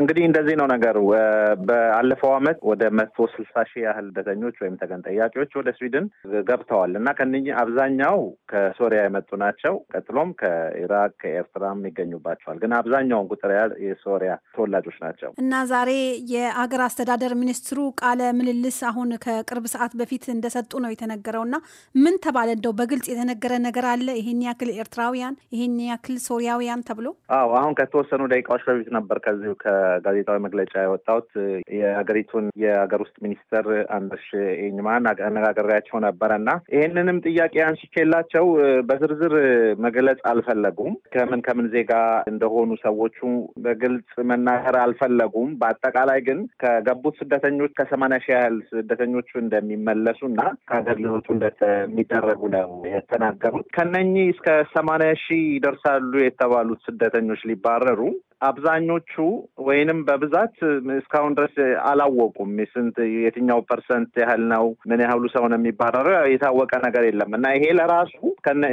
እንግዲህ እንደዚህ ነው ነገሩ። በአለፈው ዓመት ወደ መቶ ስልሳ ሺህ ያህል ስደተኞች ወይም ተገን ጠያቂዎች ወደ ስዊድን ገብተዋል እና ከእነኝ አብዛኛው ከሶሪያ የመጡ ናቸው። ቀጥሎም ከኢራቅ ከኤርትራም ይገኙባቸዋል። ግን አብዛኛውን ቁጥር የሶሪያ ተወላጆች ናቸው እና ዛሬ የአገር አስተዳደር ሚኒስትሩ ቃለ ምልልስ አሁን ከቅርብ ሰዓት በፊት እንደሰጡ ነው የተነገረው። እና ምን ተባለ? እንደው በግልጽ የተነገረ ነገር አለ? ይሄን ያክል ኤርትራውያን፣ ይሄን ያክል ሶሪያውያን ተብሎ? አዎ አሁን ከተወሰኑ ደቂቃዎች በፊት ነበር ከዚሁ ከጋዜጣዊ መግለጫ የወጣሁት የሀገሪቱን የሀገር ውስጥ ሚኒስተር አንደርሽ ኤኝማን አነጋገሪያቸው ነበረ እና ይህንንም ጥያቄ አንስቼላቸው በዝርዝር መግለጽ አልፈለጉም። ከምን ከምን ዜጋ እንደሆኑ ሰዎቹ በግልጽ መናገር አልፈለጉም። በአጠቃላይ ግን ከገቡት ስደተኞች ከሰማንያ ሺህ ያህል ስደተኞቹ እንደሚመለሱ እና ከሀገር ሊወጡ እንደሚደረጉ ነው የተናገሩት። ከነኚህ እስከ ሰማንያ ሺህ ይደርሳሉ የተባሉት ስደተኞች ሊባረሩ አብዛኞቹ ወይንም በብዛት እስካሁን ድረስ አላወቁም። ስንት የትኛው ፐርሰንት ያህል ነው ምን ያህሉ ሰው ነው የሚባረረው የታወቀ ነገር የለም እና ይሄ ለራሱ ከነ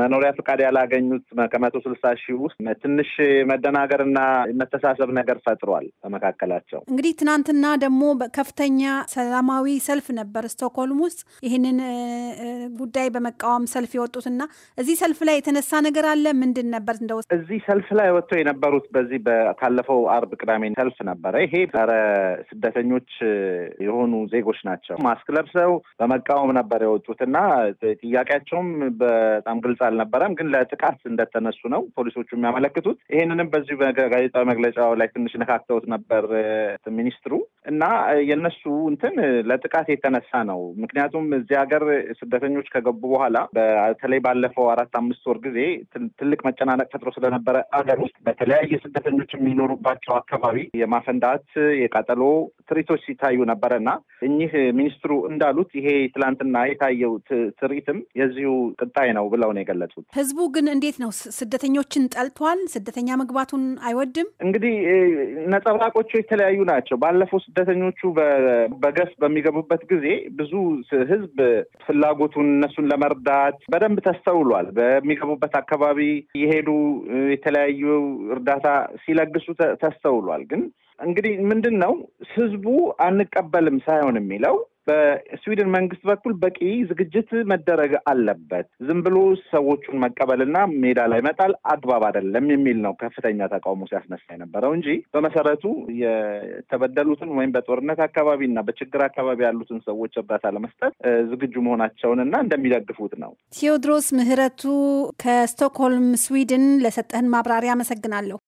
መኖሪያ ፈቃድ ያላገኙት ከመቶ ስልሳ ሺህ ውስጥ ትንሽ መደናገርና መተሳሰብ ነገር ፈጥሯል በመካከላቸው። እንግዲህ ትናንትና ደግሞ ከፍተኛ ሰላማዊ ሰልፍ ነበር ስቶክሆልም ውስጥ ይህንን ጉዳይ በመቃወም ሰልፍ የወጡትና እዚህ ሰልፍ ላይ የተነሳ ነገር አለ ምንድን ነበር? እንደው እዚህ ሰልፍ ላይ ወጥቶ የነበሩት በዚህ ካለፈው አርብ ቅዳሜ ሰልፍ ነበረ። ይሄ ረ ስደተኞች የሆኑ ዜጎች ናቸው። ማስክ ለብሰው በመቃወም ነበር የወጡት እና ጥያቄያቸው መሆናቸውም በጣም ግልጽ አልነበረም፣ ግን ለጥቃት እንደተነሱ ነው ፖሊሶቹ የሚያመለክቱት። ይህንንም በዚሁ ጋዜጣዊ መግለጫው ላይ ትንሽ ነካክተውት ነበር ሚኒስትሩ። እና የነሱ እንትን ለጥቃት የተነሳ ነው። ምክንያቱም እዚህ ሀገር ስደተኞች ከገቡ በኋላ በተለይ ባለፈው አራት አምስት ወር ጊዜ ትልቅ መጨናነቅ ፈጥሮ ስለነበረ ሀገር ውስጥ በተለያየ ስደተኞች የሚኖሩባቸው አካባቢ የማፈንዳት የቃጠሎ ትርኢቶች ሲታዩ ነበረ እና እኚህ ሚኒስትሩ እንዳሉት ይሄ ትላንትና የታየው ትርኢትም የዚሁ ቅጣይ ነው ብለው ነው የገለጹት። ህዝቡ ግን እንዴት ነው ስደተኞችን ጠልቷል? ስደተኛ መግባቱን አይወድም። እንግዲህ ነጸብራቆቹ የተለያዩ ናቸው። ባለፈው ስደተኞቹ በገፍ በሚገቡበት ጊዜ ብዙ ህዝብ ፍላጎቱን እነሱን ለመርዳት በደንብ ተስተውሏል። በሚገቡበት አካባቢ የሄዱ የተለያዩ እርዳታ ሲለግሱ ተስተውሏል። ግን እንግዲህ ምንድን ነው ህዝቡ አንቀበልም ሳይሆን የሚለው በስዊድን መንግስት በኩል በቂ ዝግጅት መደረግ አለበት። ዝም ብሎ ሰዎቹን መቀበልና ሜዳ ላይ መጣል አግባብ አይደለም የሚል ነው ከፍተኛ ተቃውሞ ሲያስነሳ የነበረው እንጂ በመሰረቱ የተበደሉትን ወይም በጦርነት አካባቢ እና በችግር አካባቢ ያሉትን ሰዎች እርዳታ ለመስጠት ዝግጁ መሆናቸውንና እንደሚደግፉት ነው። ቴዎድሮስ ምህረቱ ከስቶክሆልም ስዊድን፣ ለሰጠህን ማብራሪያ አመሰግናለሁ።